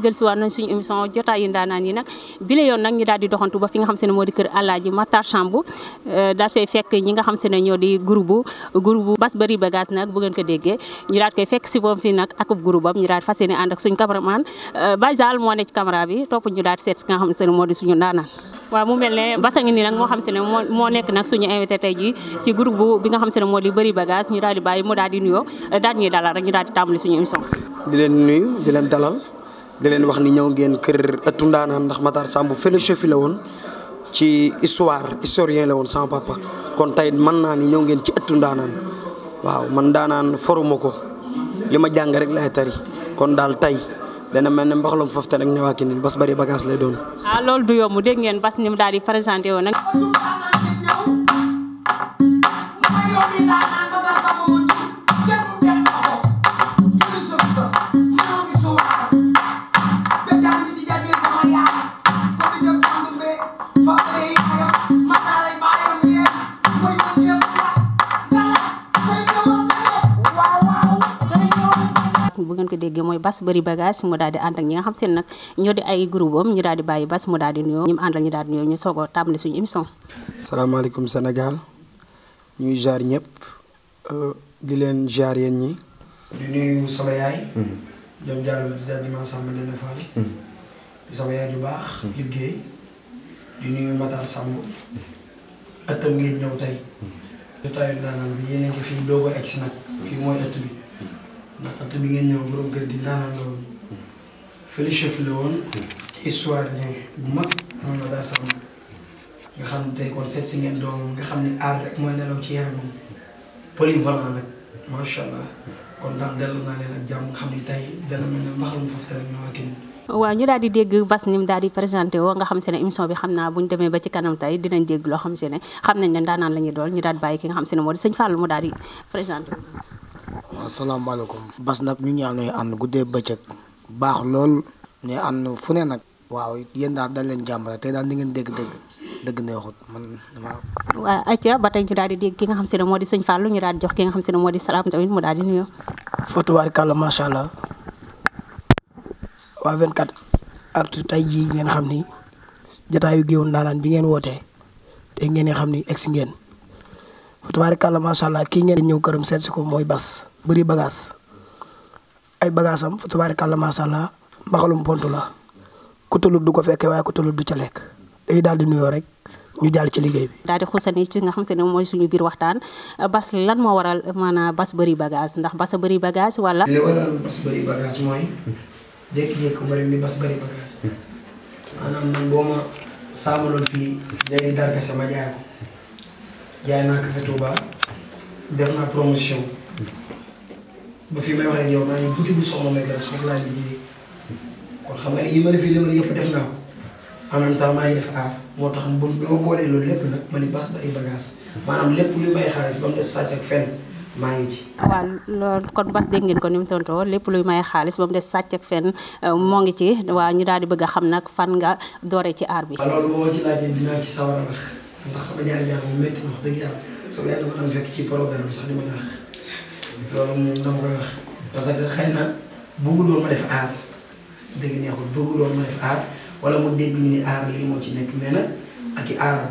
jël si waat nañ suñu émission jotaayu ndaanaan yi nag bi la yoon nag ñu daal di doxantu ba fi nga xam se ne moo di kër Alaaji Matar Samb euh, daal fekk ñi nga xam se ñoo di groupe groupe Bass Bari Bagage nag bu ngeen ko déggee ñu daal fekk si moom fii nag akub groupe am ñu daal fas yéene ànd ak suñu cameraman euh, daal se ne moo di suñu ndaanaan waaw mu mel xam se moo moo nekk nag suñu invité tey ji ci groupe nga xam se ne moo di Bari Bagage ñu daal di bàyyi daal di nuyoo daal ñuy dalal rek ñu daal di tàmbali suñu émission di leen nuyu di leen dalal di leen wax ni ñëw ngeen kër ëttu ndaanaan ndax Matar Samb fële la woon ci histoire historien la woon sama papa kon tey man naa ni ñëw ngeen ci ëttu ndaanaan waaw man ndaanaan foruma ko li ma jàng rek laay tari kon daal tey dana mel ne mbaxalum foofu te rek ñëwaat ki nii bas bari bagage lay doon. ah loolu du yomb dégg ngeen bas ni mu daal di présenté woon bas bëri bagage mu daal di ànd ak ñi nga xam seen nag ñoo di ay groupe am ñu daal di bàyyi bas mu daal di nuyoo ñu ñu daal di nuyoo ñu soog a tàmbali suñu émission. salaamaaleykum Sénégal ñuy jaar ñëpp euh, di leen jaar yéen ñi. di nuyu sama yaay. ñoom hmm. jaarul hmm. di baax. Hmm. liggéey di nuyu Matar Samb ëttam ngeen ñëw tey. jotaayu daanaan bi yéen a ngi fi doog a egg si nag. fii mooy ëtt bi. ndax at bi ngeen ñëw borom kër gi daanaka la Felichef la nga xam ne tey kon seet si ngeen doomam nga xam ne aar rek mooy nelaw ci yaramam polyvalent nag macha kon daal dellu naa leen ak jàmm xam ne tey dana mel ne mbaxalum foofu tamit ñoo ak waaw ñu nga xam se ne émission bi xam naa bu demee ba ci kanam tey dinañ dégg loo xam se ne xam nañ ne ndaanaan la ñuy dool ñu daal di bàyyi ki nga xam se ne moo di sëñ Fallou mu daal di présenté waaw salaamaaleykum bas nag ñu ñaan ñooy ànd guddee bëccëg baax lool ñooy ànd fu ne nag waaw yéen daal dañ leen jàmbale tey daal di ngeen dégg-dégg dëgg neexut man dama waaw acca ba tey ñu daal di dégg ki nga xam si ne moo di sëñ Fallou ñu daal di jox ki nga xam si ne moo di salaam tamit mu daal di nuyu fatuwaar kàlla allah waa 24 actu tey jii ngeen xam ni jataayu géew ndaanaan bi ngeen wootee te ngeen xam ni egsi ngeen fatuwaar kàlla macha allah kii ngeen ñëw këram seet si ko mooy bas bëri bagage ay bagage am fa tubaarikàlla macha allah mbaxalum pont la ku tëlut du ko fekkee waaye ku tëlut du ca lekk day daal di nuyoo rek ñu jàll ci liggéey bi. daal di xuusani ci nga xam te ne mooy suñu biir waxtaan bas lan moo waral maanaam bas bëri bagage ndax bas bëri bagage wala. li waral bas bëri bagage mooy jékki boo ma saamaloon fii léegi darga sama jaay ko jaay naa café Touba def naa promotion. ba fi may waxee yow maa ngi buti bu soxla may gas foofu laa liggéey kon xam nga ne yi ma def yi limal yëpp def naa ko en même temps maa ngi def aar moo tax bu ma boolee loolu lépp nag ma ni bas bari bagage maanaam lépp luy may xaalis ba mu des sàcc ak fenn maa ngi ci. waaw loolu kon bas dégg ngeen ko ni mu tontoo lépp luy may xaalis ba mu des sàcc ak fenn euh, moo ngi ci waaw ñu daal di bëgg a xam nag fan nga dooree ci aar bi. waaw loolu boo ma ci laajee dinaa ci sawar a wax ndax sama ñaari ñaar moom métti na wax dëgg yàlla sama yàlla dama doon fekk ci programme sax di ma loolu moom dama koy wax parce que xëy na bëgguloon ma def aar dëgg neexul bëgguloon ma def aar wala mu dégg ñu ni aar lii moo ci nekk mais nag ak i aaram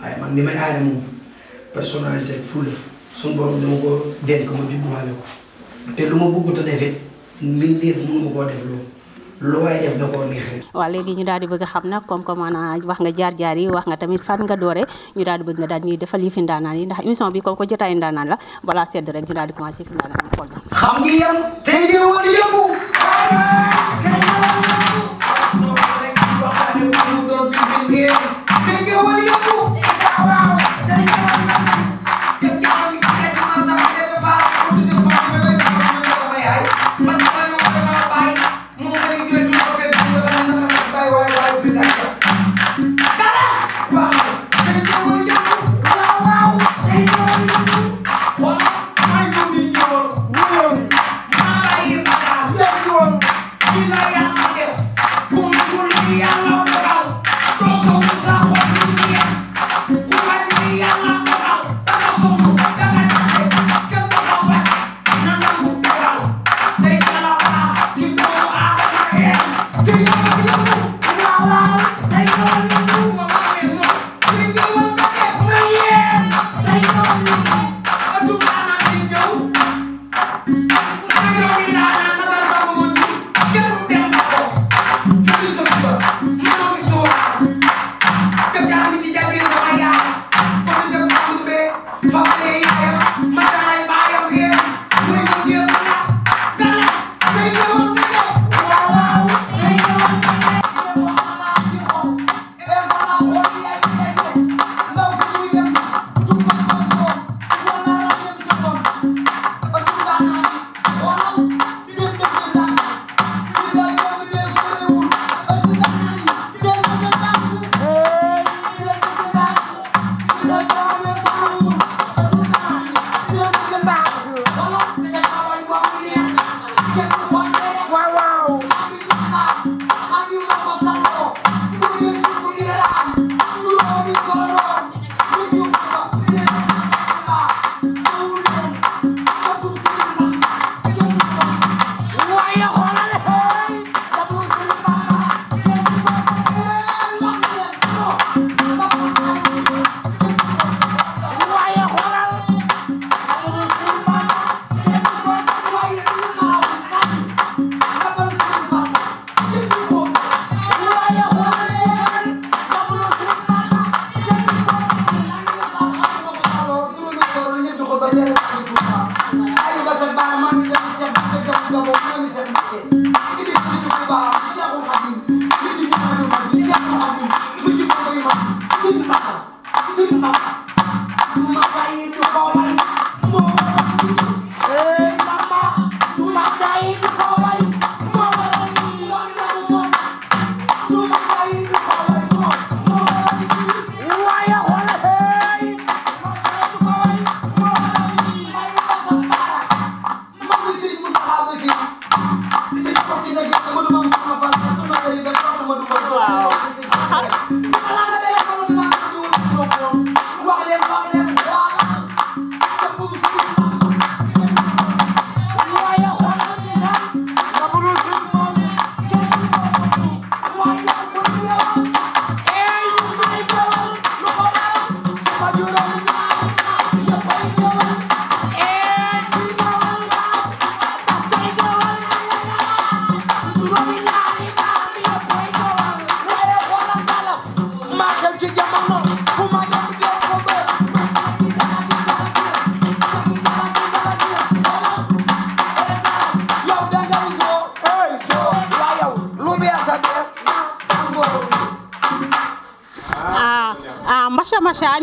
waaye man ni may aare moom personnalité ak fulla suñu borom dama ko dénk ma judduwaale ko te lu ma bëggut a defit mbindeef mënu ma koo def loolu lu waay def da koo neex rek. waaw léegi ñu daal di bëgg xam na comme que maanaam wax nga jaar jaar yi wax nga tamit fan nga doore ñu daal di bëgg nga daal ñuy defal yi fi ndaanaan yi ndax émission bi comme que jotaayu ndaanaan la balaa sedd rek ñu daal di commencé fi ndaanaan xool na. xam nga yam tey de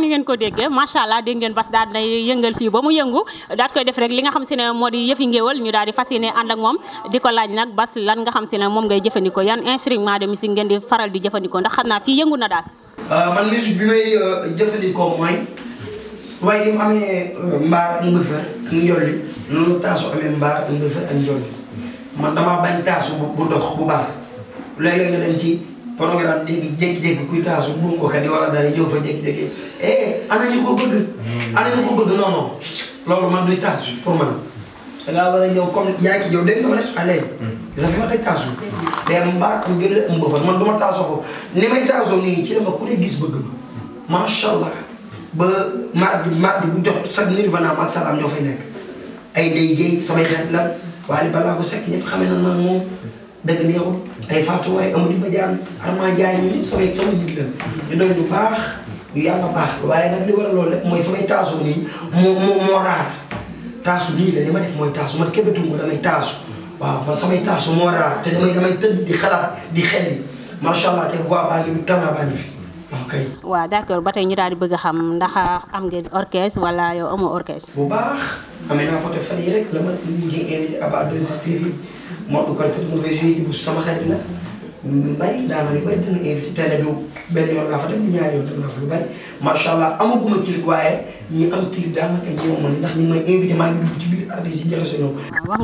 li ngeen ko déggee macha allah dégg ngeen Bass daal nay yëngal fii ba mu yëngu daat koy def rek li nga xam si ne moo di yëfi ñu daal di fas yéene ànd ak moom di ko laaj nag Bass lan nga xam si ne moom ngay jëfandikoo yan instrument de musique ngeen di faral di jëfandikoo ndax xam naa fii yëngu na daal euh, man musique bi may bañ taasu bu dox bu baax léeg-léeg nga dem ci programme léegi jékki-jékki kuy taasu buumookat yi wala dara ñëw fa jékki-jékki eh ana ñu ko bëgg. Hmm. ana ñu ko bëgg non non loolu man duy taasu pour man. da ngaa war a ñëw comme yaa ngi ci yow dégg nga ma ne su allé. Hmm. sa fi ma teg taasu. day mbaa am jënd am bëfër man du ma taasoo ko ni may taasoo nii ci la ma ku ne gis bëgg ma macha allah ba mardi mardi bu jot sax nirvana ak salaam ñoo fay nekk. ay ndey géey samay xeet lan waaye balaa ko sekk ñëpp xamee na ma moom dëgg neexul. day fàttu waaye amul li ma jaar Arma Ndiaye ñun ñëpp samay sama nit la ñu doon ñu baax ñu yàlla baax waaye nag li war a loolu lépp mooy fa may taasu nii moo moo raar taasu nii la ma def mooy taasu man kébetuko damay taasu waaw man samay taasu moo raar te damay tëdd di xalaat di xel yi macha allah te voix baa ngi talent baa ngi fi ok. waaw d' ba tey ñu daal di bëgg xam ndax am ngeen orchestre wala yow amoo orchestre. bu baax amee naa foto yi rek la Modou kon kat mu ngi fay joué ji bu sama xarit la. ñu bëri daanaka ñu bëri nga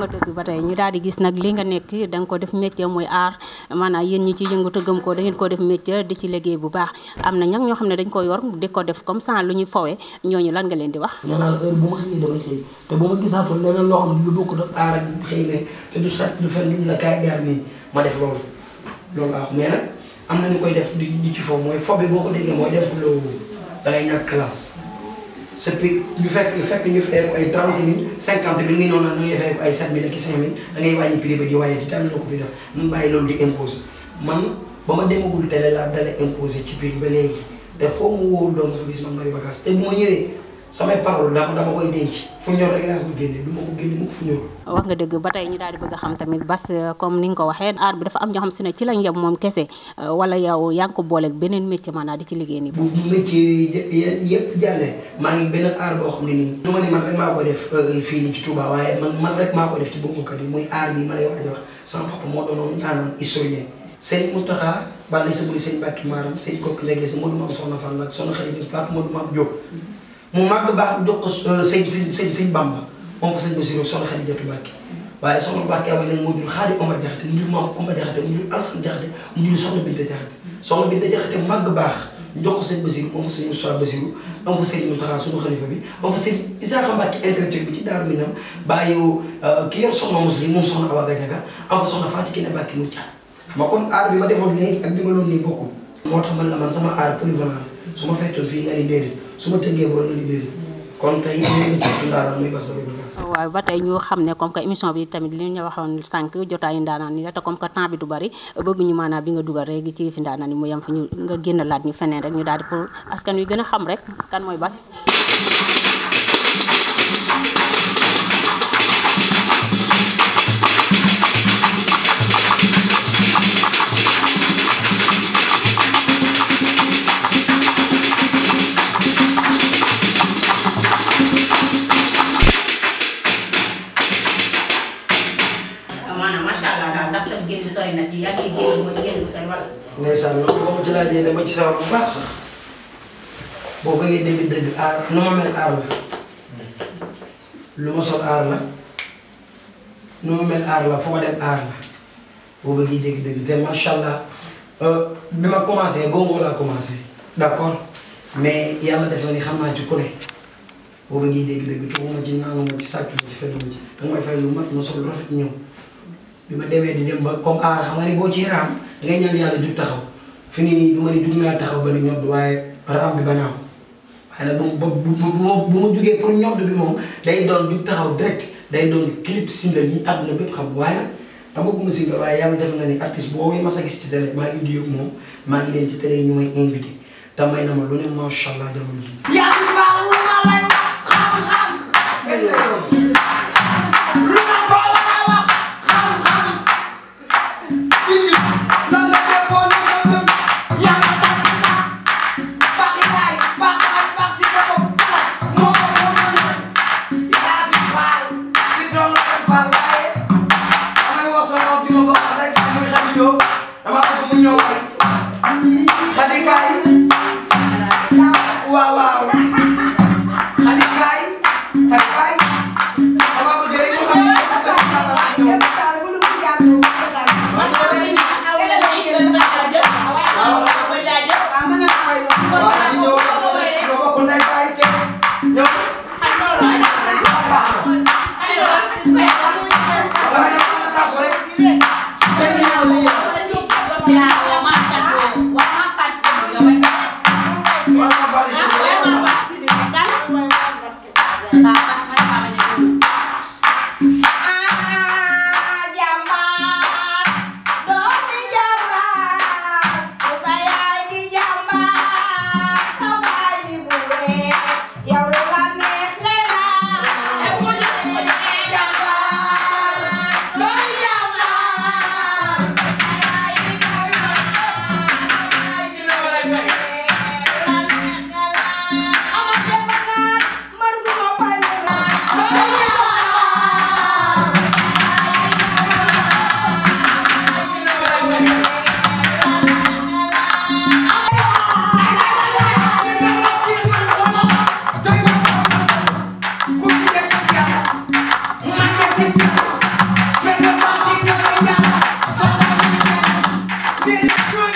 dëgg ba tey ñu daal di gis nag li nga nekk da nga ko def métier mooy art maanaam yéen ñi ci yëngu te gëm ko da koo def métier di ci liggéey bu baax am na ñag ñoo xam ne dañ ko yor di ko def comme ça lu ñuy fowee ñooñu lan nga leen di wax. nee naa la bu ma xëyee dama xëy te bu ma gisaatul leneen loo xam lu bokk da aar ak xëy na te du sàcc du fen ñu la kaay gaar nii ma def loolu loolu laa wax mais nag am na ñu koy def di di ci foofu mooy fobi boo ko déggee mooy dem fu loo da ngay ñàkk classe. c' est ñu fekk fekk ñu feeru ay trente mille cinquante mille nga ñëw nag da ngay feeru ay sept mille ak cinq mille da ngay wàññi prix ba di waaye di tamit na ko fi def ñu bàyyi loolu di imposer man ba ma demagul télé laa dala imposer ci prix ba léegi te foo mu wóorul doomu fi gis man mari bagage te bu ma ñëwee. samay parole nag dama koy denc fu ñor rek laa koy génne du ko génne mu fu ñor. wax nga dëgg ba tey ñi daal di bëgg a xam tamit bas euh, comme ni ko waxee aar bi dafa am ñoo xam si ne ci lañ yem moom kese euh, wala yow yaa ngi ko booleeg beneen métier maanaam di ci liggéey nii. bu métier maa ngi beneen boo xam ne man ko def euh, fii nii ci Touba waaye man man rek maa ko def ci bëggukat yi muy aar bi ma lay waaj wax sama papa moo doonoon ñaanal historien sëñ Mountakha Balla Sëñ Bàkki Maram sëñ Kokki Ndege si moo du am soxna Fall nag soxna Xarit Fatou moo du ma am Diop mu màgg baax mu jox ko euh, sëñ sëñ sëñ sëñ Bamba moom ko sëñ Bassirou soxna Xadi Jatu Mbàkke waaye soxna Mbàkke waaye nag moo jur Xaadi Omar Jaxate mu jur Maam Kumba Jaxate mu jur Alsan Jaxate mu jur soxna Binta Jaxate soxna Binta Jaxate màgg baax mu jox ko sëñ Bassirou moom ko sëñ Moussa Bassirou am ko sëñ Mountakha sunu xalifa bi am ko sëñ Isaaxa Mbàkke intellectuel bi ci Daaru Minam bàyyiwu euh, ki yor soxna Muslim moom soxna Awa Gadiaga am ko soxna Faati Kiné Mbàkke mu caat ma kon aar bi ma defoon léegi ak bi ma loon nii bokkul moo tax man la man sama aar polyvalent su ma fekkoon fii nga ni déedéet su ma tëggee wala li déedéet kon tey muy Bass xam ne comme que bi tamit li ñu waxoon sànq jotaayu ndaanaan ni la te comme que temps du bari bëgg ñu maanaam bi nga dugal rek ci fi ndaanaan ni mu yam fi ñu nga génn laat ñu feneen rek ñu daal di pour askan wi gën a xam rek kan mooy Bass yi dama ci sawar bu baax sax boo bëggee dégg-dégg aar nu ma mel aar la lu allah sol aar ma mel aar la fu ma la boo bëggee dégg-dégg te euh, mais yàlla def na ni xam naa ci ku ne boo bëggee dégg-dégg tuxuma ci naanuma ci sàcc ma ci fenuma ci danga may fay lu mat ma sol rafet ñëw bi ma demee di dem ba comme xam nga ni ci raam dangay ñaan yàlla jub taxaw fi ni nii du ma ni jug naa taxaw ba ni ñodd waaye raam bi ba naaw waaye nag bu ma bu ma jugee pour ñodd bi moom day doon jug taxaw direct day doon clip single ñi àdduna bépp xam waaye nag dama ko mu single waaye yàlla def na ni artiste boo ma mas gis ci télé maa ngi di yóbbu moom maa ngi leen ci télé ñu may invité te may na ma lu ne macha allah jamono ji Happy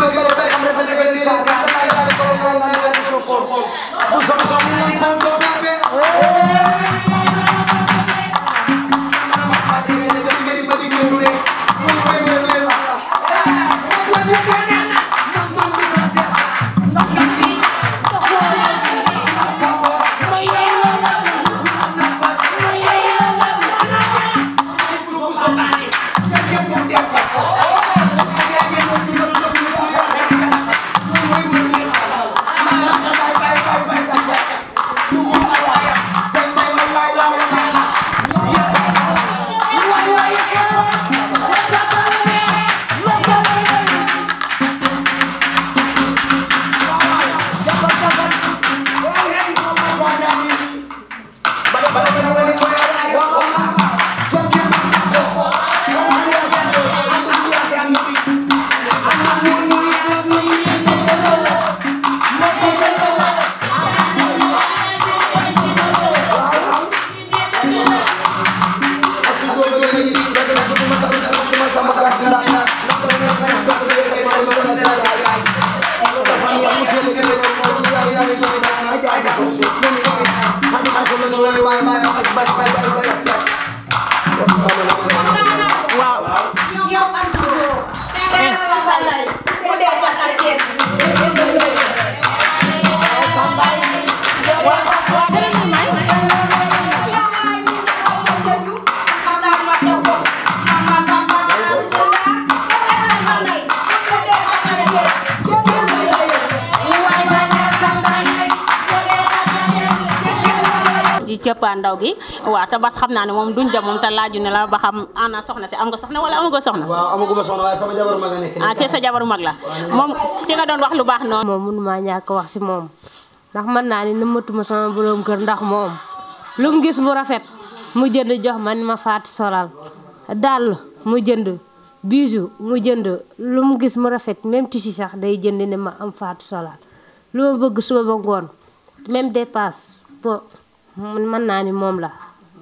Gracias. ndaw gi waaw te bas xam naa ne moom duñ dem la ba xam ana soxna si am ah, sa jabaru mag la moom ci nga wax lu baax noonu moom mënu maa ñàkk wax si moom ndax mën naa ne nëmmatuma sama borom kër ndax moom lu mu gis mu rafet mu jënd jox ma ni ma faat solal dàll mu jënd bijou mu jënd lu mu gis mu rafet même tissu sax day jënd ne ma am faat solal lu ma bëgg suba ba ngoon même dépasse bo man mën naa ni moom la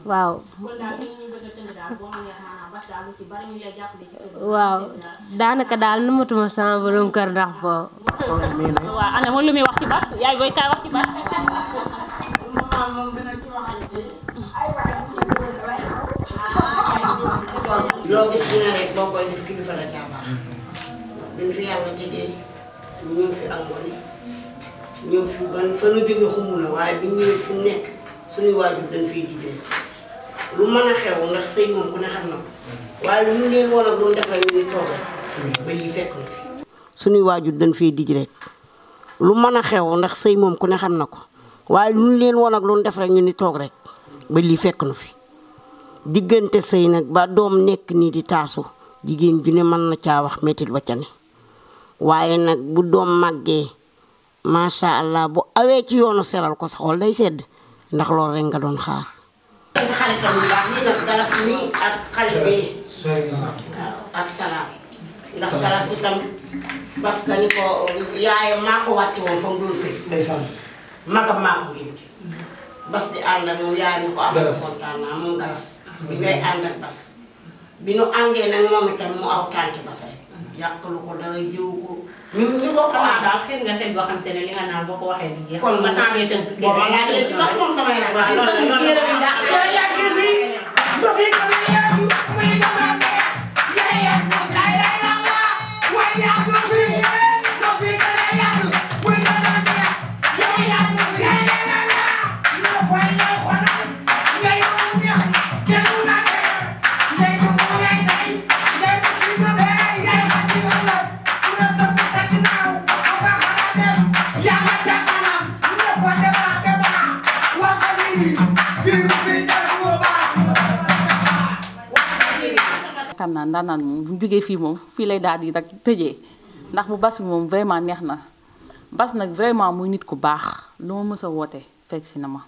waaw. daanaka daal nu matuma sama borom kër ndax boobu. waaw ana lu muy wax ci bas yaay booy kaay wax ci bas. loo gis dina rek boo koy def kilifa la jàmbaar. dañ fi yàlla jegee ñëw fi alkool ñëw nu jóge xumu na waaye bi ñëwee fu nekk. suñuy waajur dañ fi suñuy waajur dañ fiy dij rek lu mën a xew ndax sëy moom ku ne xam na ko waaye lu ñu leen woon ak lu ñu def rek ñu ni toog rek ba lii fekk nu fi diggante sëy nag ba doom nekk nii di taasu jigéen ju ne mën na caa wax mettit ba ca ne waaye nag bu doom màggee macha allah bu awee ci yoonu seral ko saxool day sedd ndax loolu rek nga doon xaar. xarit bu baax nii nag galas nii ak xarit bi ak salaam ndax galas itam parce que ni ko yaayam maa ko wàcce woon fa mu doon sëy. magam maa ko génn bas di ànd ak bas bi nu àndee nag moom itam mu aw tànk bas rek ko dara jëw ñun ñu bokk naa daal xëy nga xëy boo xam te ne li nga naan boo ko waxee du jeex. kon ma tàmmee tënk kii boo ma laajee ci bas moom damay laaj. waaw loolu la loolu la loolu la loolu la loolu la ndanaan moom bu jógee fii moom fii lay daal di rek tëjee ndax bu bas bi moom vraiment neex na bas nag vraiment muy nit ku baax lu ma mës a woote fekk si na ma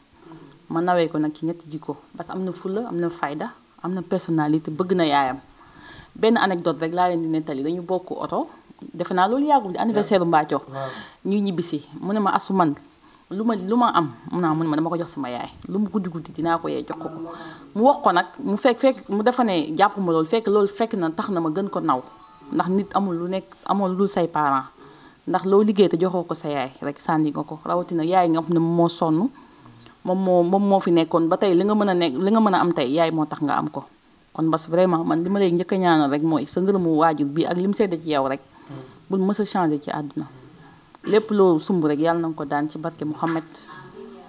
ma nawee ko nag ci ñetti jikko parce que am na fulla am na fayda am na personnalité bëgg na yaayam benn anecdote rek laa leen di nettali dañu bokk oto defe naa loolu yàggul di anniversaire mbaajoo Mbathio ñuy ñibbisi mu ne ma asu lu ma lu ma am mun naa mun ma dama ko jox sama yaay lu mu guddi guddi dinaa ko yee jox ko ko mu wax ko nag mu fekk fekk mu defa ne jàpp ma loolu fekk loolu fekk na tax na ma gën ko naw ndax nit amul lu nekk amul lu say parents ndax loo liggéey te joxoo ko sa yaay rek sànni nga ko rawatina yaay nga am ne moom moo sonn moom moo moom moo fi nekkoon ba tey li nga mën a nekk li nga mën a am tey yaay moo tax nga am ko kon bas vraiment man li ma lay njëkk a rek mooy sa ngërëmu waajur bi ak li mu sedda ci yow rek mm. bul mës ci àdduna lépp loo sumb rek yàlla na nga ko daan ci barke Mouhamed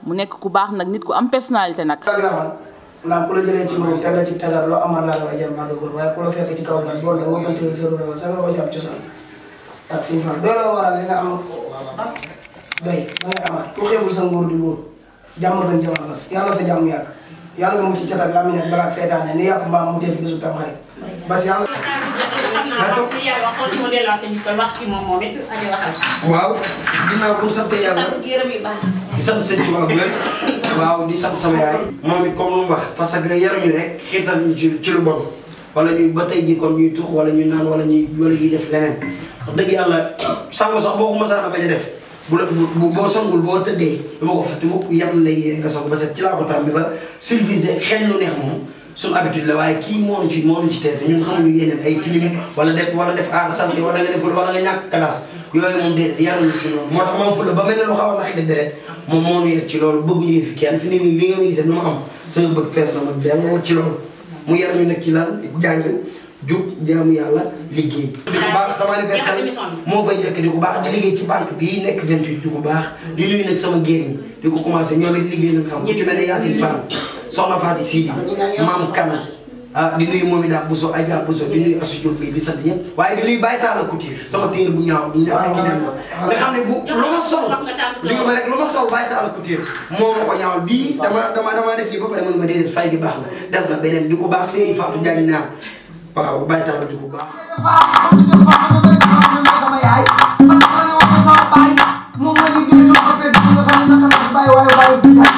mu nekk ku baax nag nit ku am personnalité nag. ndax ku la jëlee ci moom teg la ci tegal loo amal laa la koy jël maa ngi góor waaye ci kaw man boo demee sa nguur di wóor jàmm doon jëmal bas yàlla sa jàmm yàgg yàlla nga mu ci cat ak làmmiñ ak balaa ak ni yàpp mbaam mu teel ci bisu tam xarit bas yàlla. xam naa wax li yàlla wax xool su ma delluwaat waaw ginnaaw bu mu sant yàlla waaw di sant sama yaay. moom it comme lu mu parce que yaram yi rek xiirtal ñu ci ci lu bon wala ñuy ba tey jii kon ñuy tux wala ñu naan wala ñuy wala ñuy def leneen wax dëgg yàlla sangu sax boo ko mësaan a bañ a def bu la bu boo sangul boo tëddee dama ko fàtte mu yàlla lay nga sangu ba set ci laa ko tàmbi ba civilisé xel lu neex moom. su habitude la waaye kii moo ci moom ci teel ñun xamuñu yéeneen ay tilim wala def wala def aar sant wala nga def wala nga ñàkk classe yooyu noonu ma am fulla ba mel ne de deret moom moo ci loolu bëgguñu fi kenn fi ne nii li nga ma gisee nu ma am sama bëgg fees na ma dellu ci loolu mu yar ñu nag ci lan jàng jub jaamu yàlla liggéey. di ko baax sama anniversaire moo fay njëkk di ko baax di liggéey ci banque bii nekk 28 di baax di nuyu nag sama géer ñi di ko commencé ñoom it liggéey nañ xam ku ci mel ne soxna Fatou Sidi maam Kana ah di nuyu moom itam Bousso Aïssa Bousso di nuyu Assou Diop bi di sant ñëpp waaye di nuyu Baye Talla Couture sama téere bu ñaaw bu ñu ñaaw ki ñaan ko bu ko ñaawal bii dama dama def lii ba pare man ma déedéet fay gi baax na des na beneen di ko baax Seydou Fatou Diagne naa waaw Baye Talla di ko baax sama yaay man sama baay moom ma liggéey sama papa bi nga xam ne sama baay waaye waaye